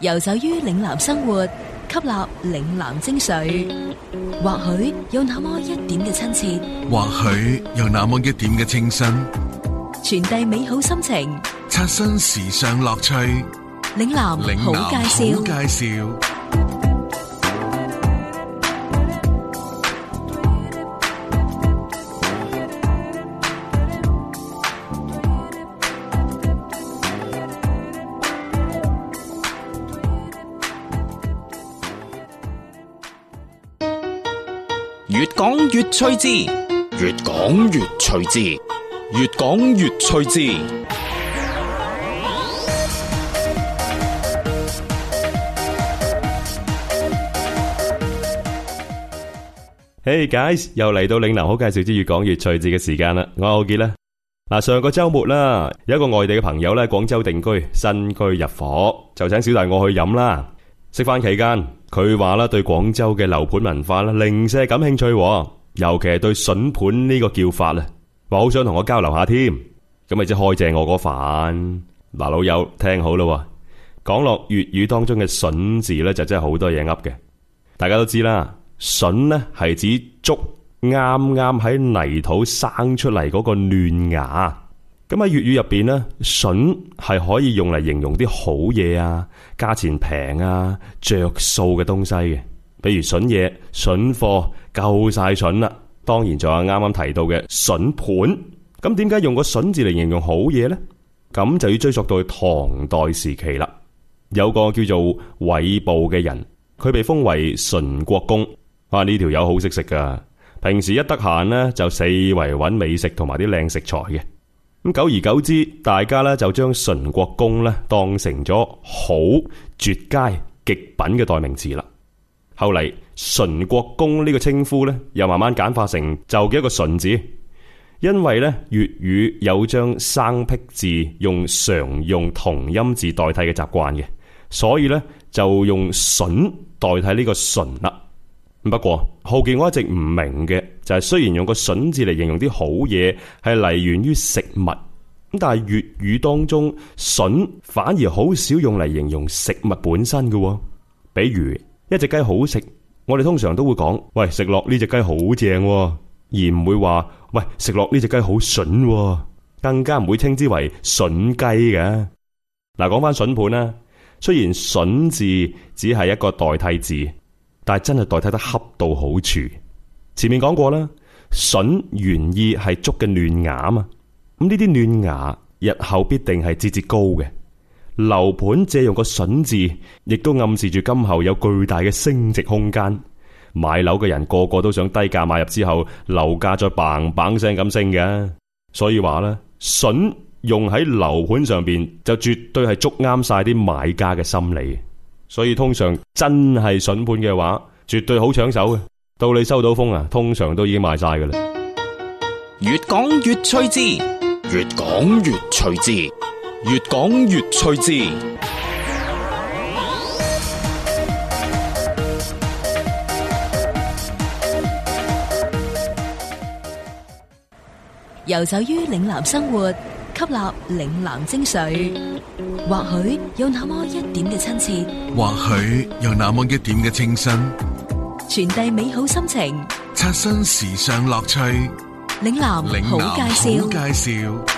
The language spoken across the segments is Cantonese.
遊走於嶺南生活，吸納嶺南精髓，或許有那麼一點嘅親切，或許有那麼一點嘅清新，傳遞美好心情，刷新時尚樂趣。嶺南好介紹。吹之越講越趣之，越講越趣之。Hey guys，又嚟到嶺南好介紹之越講越趣致嘅時間啦！我係浩傑啦。嗱，上個周末啦，有一個外地嘅朋友咧，喺廣州定居，新居入伙，就請小弟我去飲啦。食飯期間，佢話啦，對廣州嘅樓盤文化咧，零舍感興趣。尤其係對笋盤呢個叫法啊，話好想同我交流下添，咁咪即係開正我嗰範。嗱，老友聽好啦，講落粵語當中嘅笋字咧，就真係好多嘢噏嘅。大家都知啦，笋咧係指竹啱啱喺泥土生出嚟嗰個嫩芽。咁喺粵語入邊咧，笋係可以用嚟形容啲好嘢啊，價錢平啊，着數嘅東西嘅，比如笋嘢、笋貨。夠晒笋啦！當然仲有啱啱提到嘅笋盤，咁點解用個笋字嚟形容好嘢呢？咁就要追溯到唐代時期啦。有個叫做韋布嘅人，佢被封為純國公，啊呢條友好識食噶，平時一得閒呢就四圍搵美食同埋啲靚食材嘅。咁久而久之，大家呢就將純國公呢當成咗好絕佳極品嘅代名詞啦。後嚟，純國公呢個稱呼咧，又慢慢簡化成就嘅一個純字，因為咧粵語有將生僻字用常用同音字代替嘅習慣嘅，所以咧就用笋代替呢個純啦。不過浩記我一直唔明嘅就係，雖然用個笋字嚟形容啲好嘢係來源於食物咁，但係粵語當中笋反而好少用嚟形容食物本身嘅，比如。一隻雞好食，我哋通常都會講：喂，食落呢隻雞好正喎，而唔會話：喂，食落呢隻雞好筍喎，更加唔會稱之為筍雞嘅。嗱，講翻筍盤啦，雖然筍字只係一個代替字，但係真係代替得恰到好處。前面講過啦，筍原意係竹嘅嫩芽嘛，咁呢啲嫩芽日後必定係節節高嘅。樓盤借用個笋字，亦都暗示住今後有巨大嘅升值空間。買樓嘅人個個都想低價買入之後，樓價再嘭嘭聲咁升嘅。所以話咧，笋用喺樓盤上邊就絕對係捉啱晒啲買家嘅心理。所以通常真係笋盤嘅話，絕對好搶手嘅。到你收到風啊，通常都已經賣晒㗎喇。越講越趣緻，越講越趣緻。越講越趣致，游走於嶺南生活，吸納嶺南精髓。或許有那麼一點嘅親切，或許有那麼一點嘅清新，傳遞美好心情，刷新時尚樂趣。嶺南好介紹。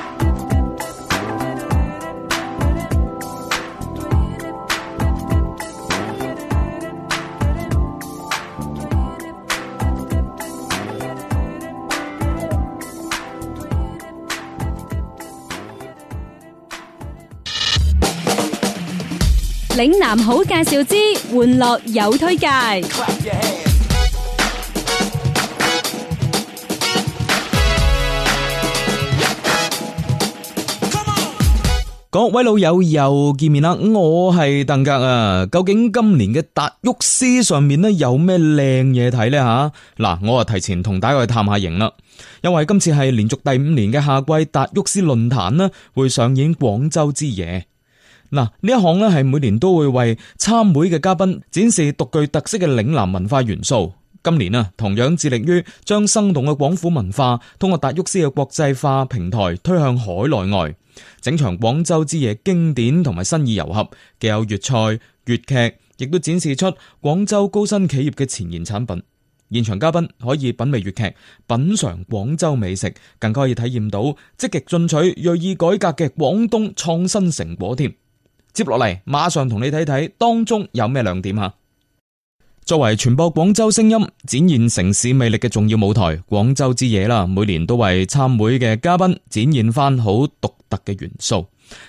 嶺南好介紹之，玩樂有推介。各位老友又見面啦，我係鄧格啊。究竟今年嘅達沃斯上面呢，有咩靚嘢睇呢吓？嗱，我啊提前同大家去探下營啦。因為今次係連續第五年嘅夏季達沃斯論壇呢，會上演廣州之夜。嗱，呢一項呢，係每年都會為參會嘅嘉賓展示獨具特色嘅嶺南文化元素。今年啊，同樣致力於將生動嘅廣府文化通過達沃斯嘅國際化平台推向海內外。整場廣州之夜經典同埋新意糅合，既有粵菜、粵劇，亦都展示出廣州高新企業嘅前沿產品。現場嘉賓可以品味粵劇，品嘗廣州美食，更加可以體驗到積極進取、銳意改革嘅廣東創新成果添。接落嚟，馬上同你睇睇當中有咩亮點啊！作為傳播廣州聲音、展現城市魅力嘅重要舞台，廣州之夜啦，每年都為參會嘅嘉賓展現翻好獨特嘅元素。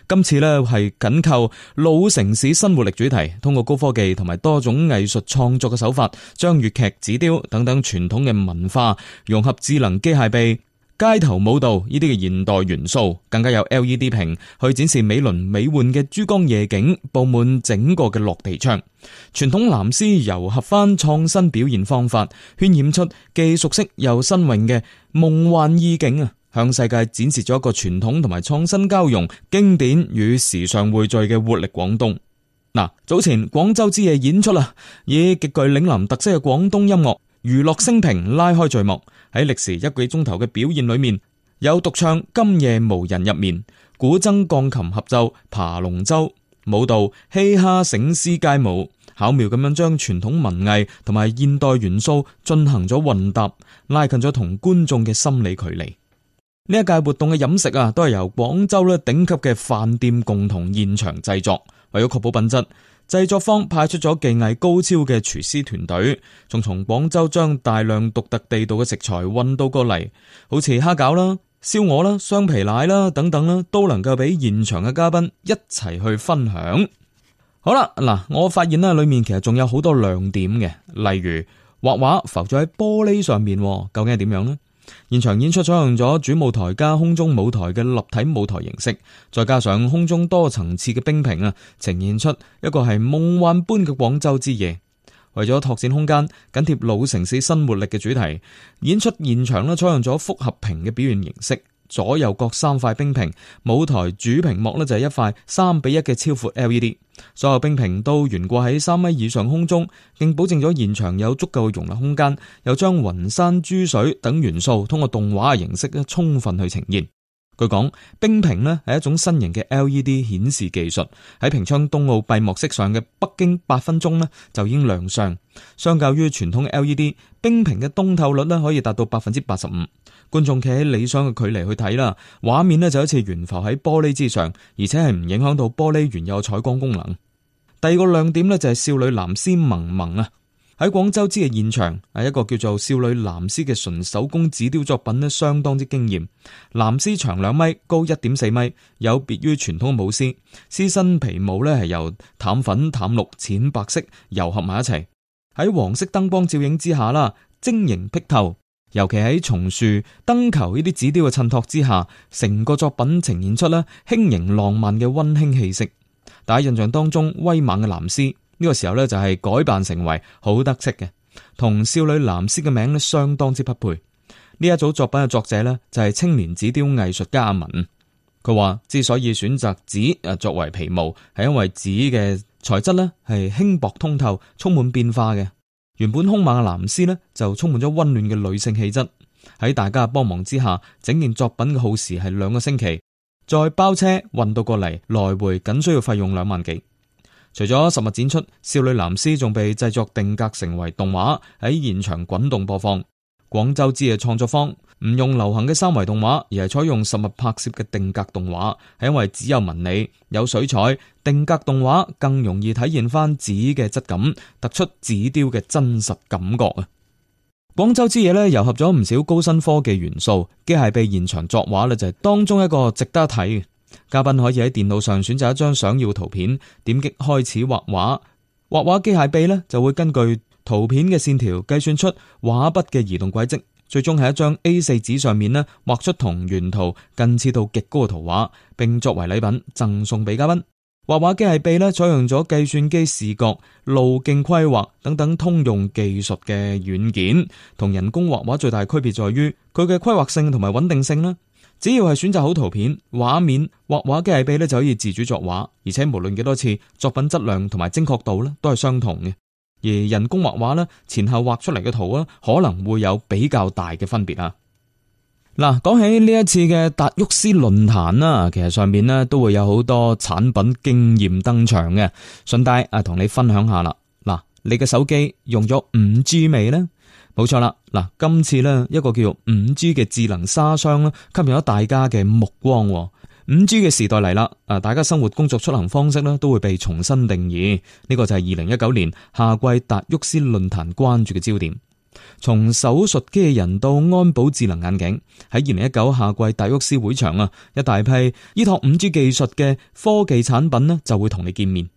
今次呢，係緊扣老城市新活力主題，通過高科技同埋多種藝術創作嘅手法，將粵劇、紙雕等等傳統嘅文化融合智能機械臂。街頭舞蹈呢啲嘅現代元素，更加有 LED 屏，去展示美輪美奐嘅珠江夜景，佈滿整個嘅落地窗。傳統南獅糅合翻創新表現方法，渲染出既熟悉又新穎嘅夢幻意境啊！向世界展示咗一個傳統同埋創新交融、經典與時尚匯聚嘅活力廣東。嗱，早前廣州之夜演出啦，以極具嶺南特色嘅廣東音樂、娛樂升平拉開序幕。喺歷時一個幾鐘頭嘅表現裏面，有獨唱《今夜無人入眠》，古箏、鋼琴合奏、爬龍舟、舞蹈、嘻哈、醒獅街舞，巧妙咁樣將傳統文藝同埋現代元素進行咗混搭，拉近咗同觀眾嘅心理距離。呢一屆活動嘅飲食啊，都係由廣州咧頂級嘅飯店共同現場製作，為咗確保品質。製作方派出咗技藝高超嘅廚師團隊，仲從廣州將大量獨特地道嘅食材運到過嚟，好似蝦餃啦、燒鵝啦、雙皮奶啦等等啦，都能夠俾現場嘅嘉賓一齊去分享。好啦，嗱，我發現啦，裡面其實仲有好多亮點嘅，例如畫畫浮咗喺玻璃上面，究竟係點樣呢？現場演出採用咗主舞台加空中舞台嘅立體舞台形式，再加上空中多層次嘅冰屏啊，呈現出一個係夢幻般嘅廣州之夜。為咗拓展空間，緊貼老城市新活力嘅主題，演出現場呢採用咗複合屏嘅表現形式。左右各三塊冰屏，舞台主屏幕咧就係一塊三比一嘅超闊 LED，所有冰屏都懸掛喺三米以上空中，並保證咗現場有足夠嘅容納空間，又將雲山珠水等元素通過動畫嘅形式咧充分去呈現。據講冰屏咧係一種新型嘅 LED 顯示技術，喺平昌冬奧閉幕式上嘅北京八分鐘咧就已經亮相。相較於傳統嘅 LED，冰屏嘅通透率咧可以達到百分之八十五，觀眾企喺理想嘅距離去睇啦，畫面咧就好似懸浮喺玻璃之上，而且係唔影響到玻璃原有採光功能。第二個亮點咧就係少女藍絲萌萌。啊！喺廣州之夜現場，啊一個叫做少女南獅嘅純手工紙雕作品咧，相當之驚艷。南獅長兩米，高一點四米，有別於傳統嘅舞獅。獅身皮毛咧係由淡粉、淡綠、淺白色糅合埋一齊。喺黃色燈光照映之下啦，晶瑩剔透。尤其喺松樹、燈球呢啲紙雕嘅襯托之下，成個作品呈現出咧輕盈浪漫嘅溫馨氣息。大家印象當中，威猛嘅南獅。呢個時候咧就係、是、改扮成為好得戚嘅，同少女藍絲嘅名咧相當之匹配。呢一組作品嘅作者呢，就係、是、青年紙雕藝術家阿文，佢話之所以選擇紙啊作為皮毛，係因為紙嘅材質呢係輕薄通透，充滿變化嘅。原本兇猛嘅藍絲呢，就充滿咗溫暖嘅女性氣質。喺大家嘅幫忙之下，整件作品嘅耗時係兩個星期，再包車運到過嚟，來回僅需要費用兩萬幾。除咗實物展出，《少女藍絲》仲被製作定格成為動畫喺現場滾動播放。廣州之夜創作方唔用流行嘅三維動畫，而係採用實物拍攝嘅定格動畫，係因為只有紋理、有水彩，定格動畫更容易體現翻紙嘅質感，突出紙雕嘅真實感覺啊！廣州之夜呢，糅合咗唔少高新科技元素，機械臂現場作畫呢就係、是、當中一個值得一睇。嘉賓可以喺電腦上選擇一張想要圖片，點擊開始畫畫，畫畫機械臂咧就會根據圖片嘅線條計算出畫筆嘅移動軌跡，最終喺一張 A4 紙上面咧畫出同原圖近似度極高嘅圖畫，並作為禮品贈送俾嘉賓。畫畫機械臂咧採用咗計算機視覺、路徑規劃等等通用技術嘅軟件，同人工畫畫最大區別在於佢嘅規劃性同埋穩定性啦。只要係選擇好圖片、畫面、畫畫嘅機械臂咧，就可以自主作畫，而且無論幾多次，作品質量同埋精確度咧都係相同嘅。而人工畫畫咧，前後畫出嚟嘅圖啊，可能會有比較大嘅分別啊。嗱，講起呢一次嘅達沃斯論壇啦，其實上面呢都會有好多產品驚艷登場嘅，順帶啊同你分享下啦。嗱，你嘅手機用咗五 G 未呢？冇錯啦，嗱，今次咧一個叫五 G 嘅智能沙箱咧，吸引咗大家嘅目光。五 G 嘅時代嚟啦，啊，大家生活、工作、出行方式咧都會被重新定義。呢個就係二零一九年夏季達沃斯論壇關注嘅焦點。從手術機器人到安保智能眼鏡，喺二零一九夏季達沃斯會場啊，一大批依託五 G 技術嘅科技產品咧就會同你見面。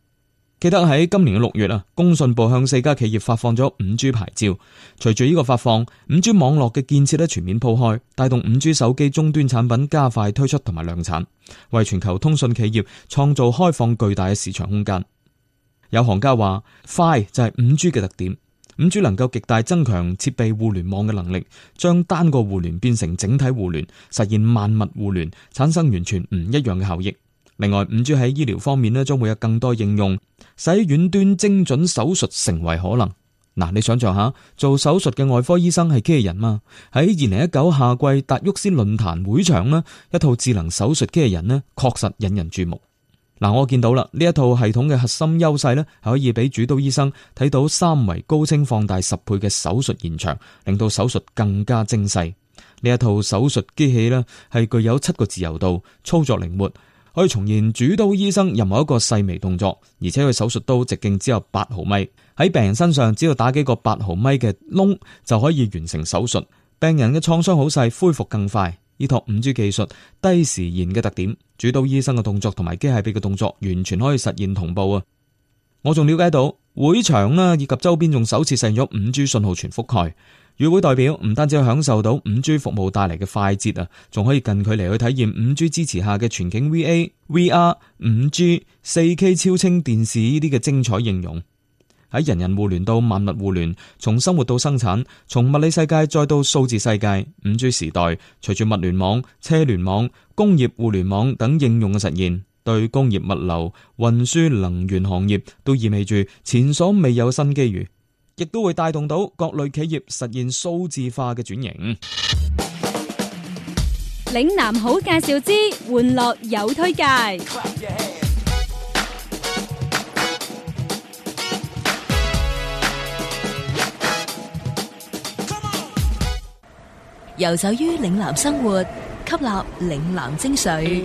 記得喺今年嘅六月啊，工信部向四家企業發放咗五 G 牌照。隨住呢個發放，五 G 網絡嘅建設咧全面鋪開，帶動五 G 手機終端產品加快推出同埋量產，為全球通訊企業創造開放巨大嘅市場空間。有行家話，快就係五 G 嘅特點。五 G 能夠極大增強設備互聯網嘅能力，將單個互聯變成整體互聯，實現萬物互聯，產生完全唔一樣嘅效益。另外，五 G 喺醫療方面咧，將會有更多應用，使遠端精準手術成為可能。嗱、呃，你想象下，做手術嘅外科醫生係機器人嘛？喺二零一九夏季達沃斯論壇會場咧，一套智能手術機器人咧，確實引人注目。嗱、呃，我見到啦，呢一套系統嘅核心優勢咧，係可以俾主刀醫生睇到三維高清放大十倍嘅手術現場，令到手術更加精細。呢一套手術機器咧，係具有七個自由度，操作靈活。可以重現主刀醫生任何一個細微動作，而且佢手術刀直徑只有八毫米，喺病人身上只要打幾個八毫米嘅窿就可以完成手術，病人嘅創傷好細，恢復更快。依託五 G 技術低時延嘅特點，主刀醫生嘅動作同埋機械臂嘅動作完全可以實現同步啊！我仲了解到會場啦以及周邊仲首次實現咗五 G 信號全覆蓋。與會代表唔單止享受到 5G 服務帶嚟嘅快捷啊，仲可以近距離去體驗 5G 支持下嘅全景 VA、VR、5G、4K 超清電視呢啲嘅精彩應用。喺人人互聯到萬物互聯，從生活到生產，從物理世界再到數字世界，5G 時代隨住物聯網、車聯網、工業互聯網等應用嘅實現，對工業物流、運輸、能源行業都意味住前所未有新機遇。亦都會帶動到各類企業實現數字化嘅轉型。嶺南好介紹之，玩樂有推介。遊走於嶺南生活，吸納嶺南精髓，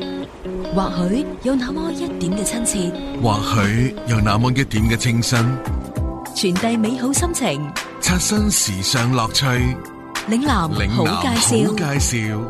或許有那麼一點嘅親切，或許有那麼一點嘅清新。傳遞美好心情，刷新時尚樂趣。嶺南好介紹。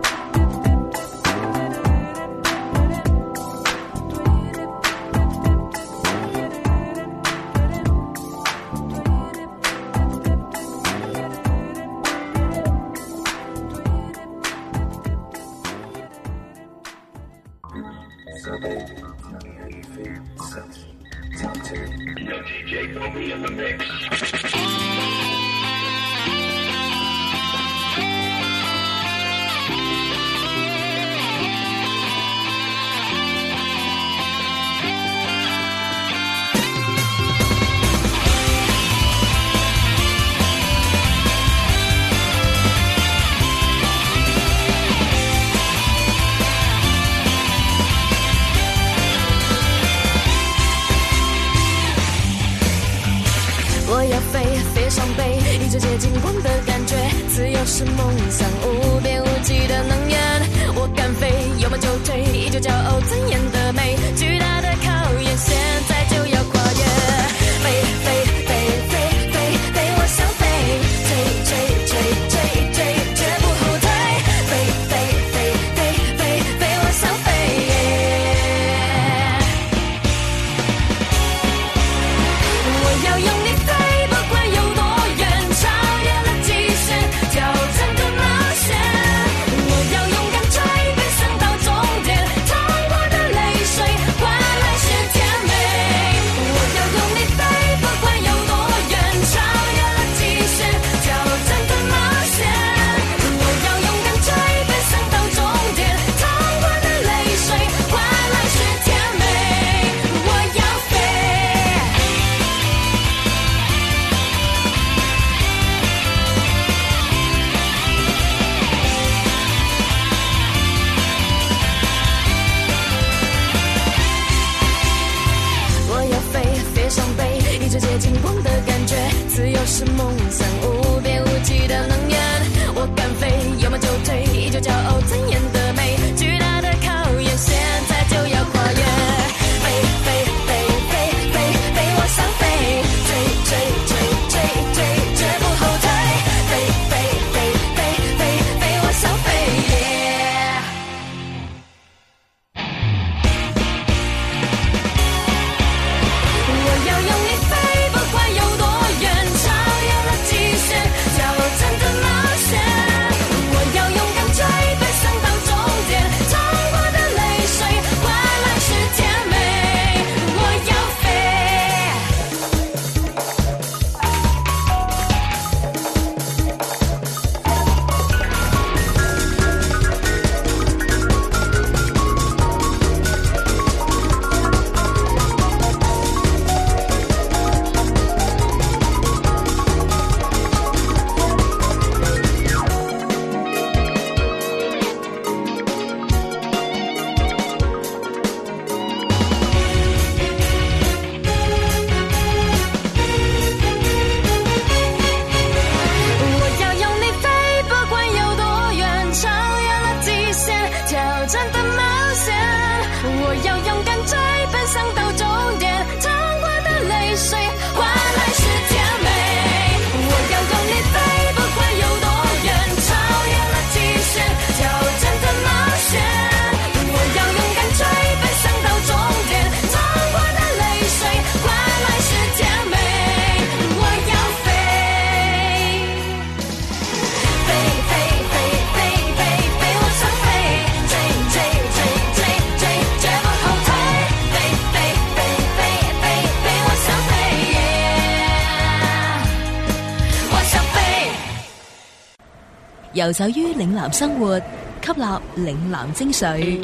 遊走於嶺南生活，吸納嶺南精髓，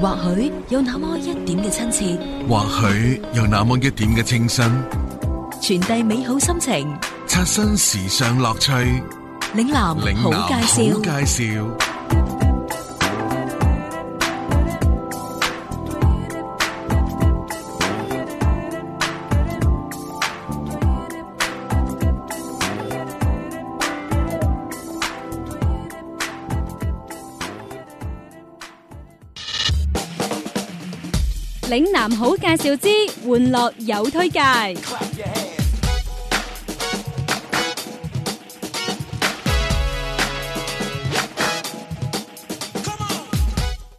或許有那麼一點嘅親切，或許有那麼一點嘅清新，傳遞美好心情，刷新時尚樂趣。嶺南好介紹，嶺南好介紹。嶺南好介紹之，玩樂有推介。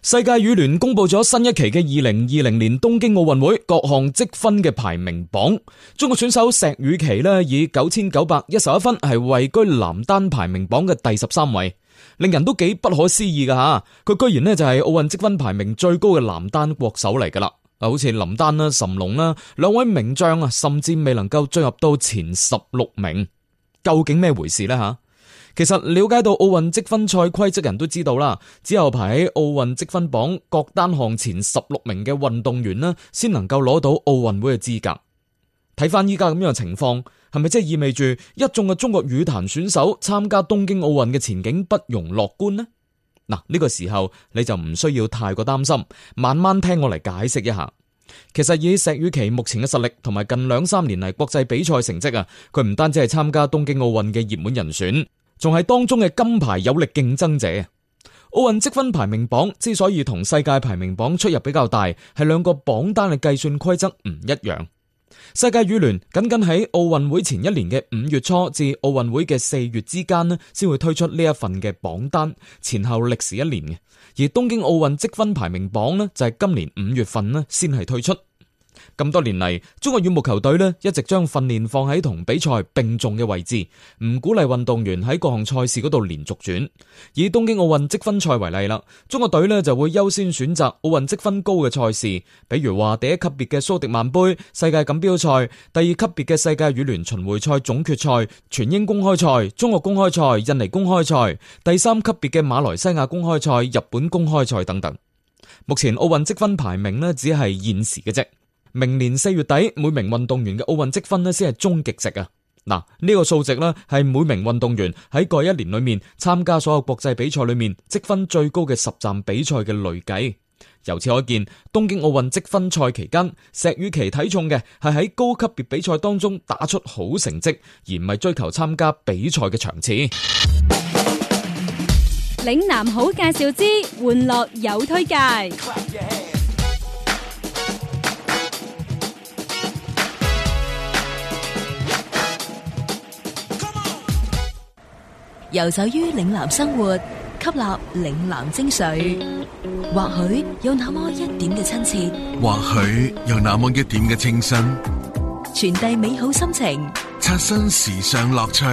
世界羽聯公布咗新一期嘅二零二零年東京奧運會各項積分嘅排名榜，中國選手石宇奇咧以九千九百一十一分係位居男單排名榜嘅第十三位，令人都幾不可思議噶吓，佢居然咧就係奧運積分排名最高嘅男單國手嚟噶啦。嗱，好似林丹啦、諶龍啦兩位名將啊，甚至未能夠進入到前十六名，究竟咩回事呢？吓，其實了解到奧運積分賽規則，人都知道啦，只有排喺奧運積分榜各單項前十六名嘅運動員呢，先能夠攞到奧運會嘅資格。睇翻依家咁樣嘅情況，係咪即係意味住一眾嘅中國羽壇選手參加東京奧運嘅前景不容樂觀呢？嗱，呢個時候你就唔需要太過擔心，慢慢聽我嚟解釋一下。其實以石宇奇目前嘅實力同埋近兩三年嚟國際比賽成績啊，佢唔單止係參加東京奧運嘅熱門人選，仲係當中嘅金牌有力競爭者。奧運積分排名榜之所以同世界排名榜出入比較大，係兩個榜單嘅計算規則唔一樣。世界羽聯僅僅喺奧運會前一年嘅五月初至奧運會嘅四月之間呢，先會推出呢一份嘅榜單，前後歷時一年嘅。而東京奧運積分排名榜呢，就係今年五月份呢先係推出。咁多年嚟，中國羽毛球隊呢，一直將訓練放喺同比賽並重嘅位置，唔鼓勵運動員喺各項賽事嗰度連續轉。以東京奧運積分賽為例啦，中國隊呢就會優先選擇奧運積分高嘅賽事，比如話第一級別嘅蘇迪曼杯、世界錦標賽、第二級別嘅世界羽聯巡迴賽總決賽、全英公開賽、中國公開賽、印尼公開賽、第三級別嘅馬來西亞公開賽、日本公開賽等等。目前奧運積分排名呢，只係現時嘅啫。明年四月底，每名運動員嘅奧運積分咧先係終極值啊！嗱，呢個數值咧係每名運動員喺過一年裏面參加所有國際比賽裏面積分最高嘅十站比賽嘅累計。由此可見，東京奧運積分賽期間，石宇奇睇重嘅係喺高級別比賽當中打出好成績，而唔係追求參加比賽嘅場次。嶺南好介紹之，玩樂有推介。遊走於嶺南生活，吸納嶺南精髓，或許有那麼一點嘅親切，或許有那麼一點嘅清新，傳遞美好心情，刷新時尚樂趣。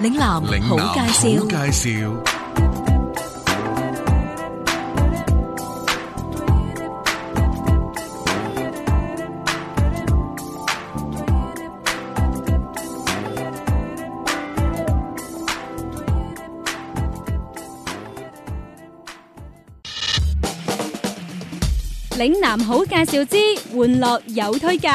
嶺南好介紹，好介紹。嶺南好介紹之，玩樂有推介。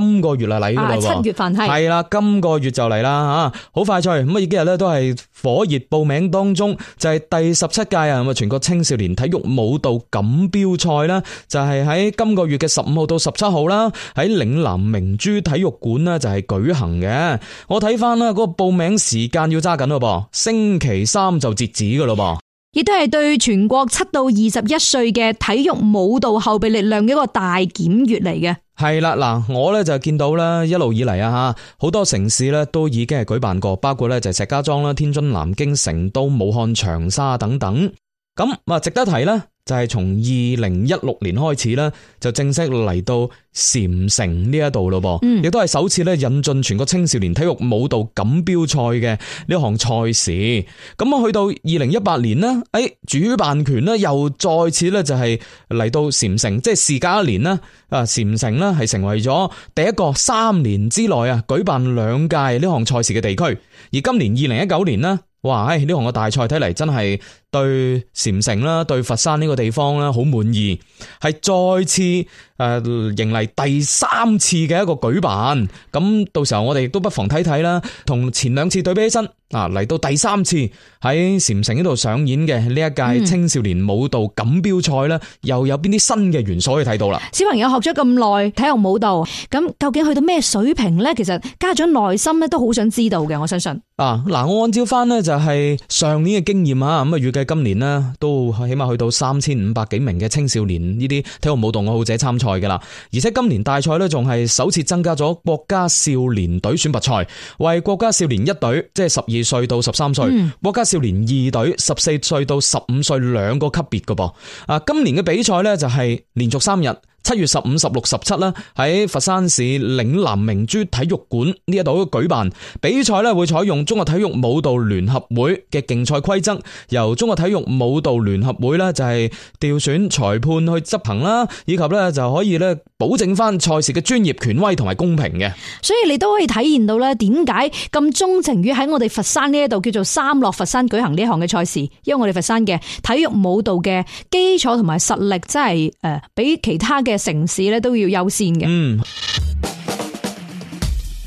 今個月啊嚟啦，七月份係啦，今個月就嚟啦吓，好快脆。咁啊，依幾日咧，都係火熱報名當中，就係第十七屆啊，咁啊全國青少年體育舞蹈錦標賽啦，就係喺今個月嘅十五號到十七號啦，喺嶺南明珠體育館呢就係舉行嘅。我睇翻啦，嗰個報名時間要揸緊咯噃，星期三就截止噶咯噃。亦都係對全國七到二十一歲嘅體育舞蹈後備力量嘅一個大檢閱嚟嘅。係啦，嗱，我咧就見到咧一路以嚟啊，吓好多城市咧都已經係舉辦過，包括咧就係石家莊啦、天津、南京、成都、武漢、長沙等等，咁啊值得提啦。就係從二零一六年開始啦，就正式嚟到禪城呢一度咯噃，亦都係首次咧引進全國青少年體育舞蹈錦標賽嘅呢項賽事。咁啊，去到二零一八年呢誒、哎，主辦權呢又再次咧就係嚟到禪城，即係事隔一年呢啊，禪城呢係成為咗第一個三年之內啊舉辦兩屆呢項賽事嘅地區。而今年二零一九年呢哇，誒，呢項嘅大賽睇嚟真係。對禪城啦，對佛山呢個地方咧，好滿意，係再次誒、呃，迎嚟第三次嘅一個舉辦。咁到時候我哋都不妨睇睇啦，同前兩次對比起身，啊，嚟到第三次喺禪城呢度上演嘅呢一屆青少年舞蹈錦標賽咧，嗯、又有邊啲新嘅元素可以睇到啦？小朋友學咗咁耐體育舞蹈，咁究竟去到咩水平咧？其實家長內心咧都好想知道嘅，我相信。啊，嗱，我按照翻呢就係上年嘅經驗啊，咁啊如。嘅今年咧都起碼去到三千五百幾名嘅青少年呢啲體育舞蹈愛好者參賽噶啦，而且今年大賽呢，仲係首次增加咗國家少年隊選拔賽，為國家少年一隊，即係十二歲到十三歲，嗯、國家少年二隊，十四歲到十五歲兩個級別噶噃。啊，今年嘅比賽呢，就係連續三日。七月十五、十六、十七啦，喺佛山市嶺南明珠體育館呢一度舉辦比賽咧，會採用中國體育舞蹈聯合會嘅競賽規則，由中國體育舞蹈聯合會呢就係調選裁判去執行啦，以及呢就可以呢保證翻賽事嘅專業權威同埋公平嘅。所以你都可以體驗到呢點解咁鍾情於喺我哋佛山呢一度叫做三落佛山舉行呢項嘅賽事？因為我哋佛山嘅體育舞蹈嘅基礎同埋實力真係誒比其他嘅。城市咧都要優先嘅。嗯，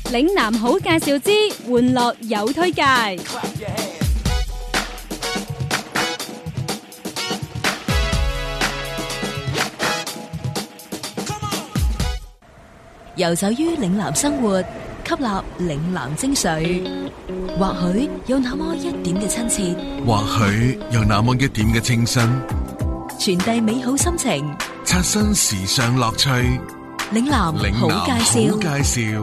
嶺南好介紹之，玩樂有推介。遊走於嶺南生活，吸納嶺南精髓，或許有那麼一點嘅親切，或許有那麼一點嘅清新，傳遞美好心情。刷新時尚樂趣，嶺南好介紹。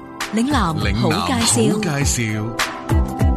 嶺南好介紹。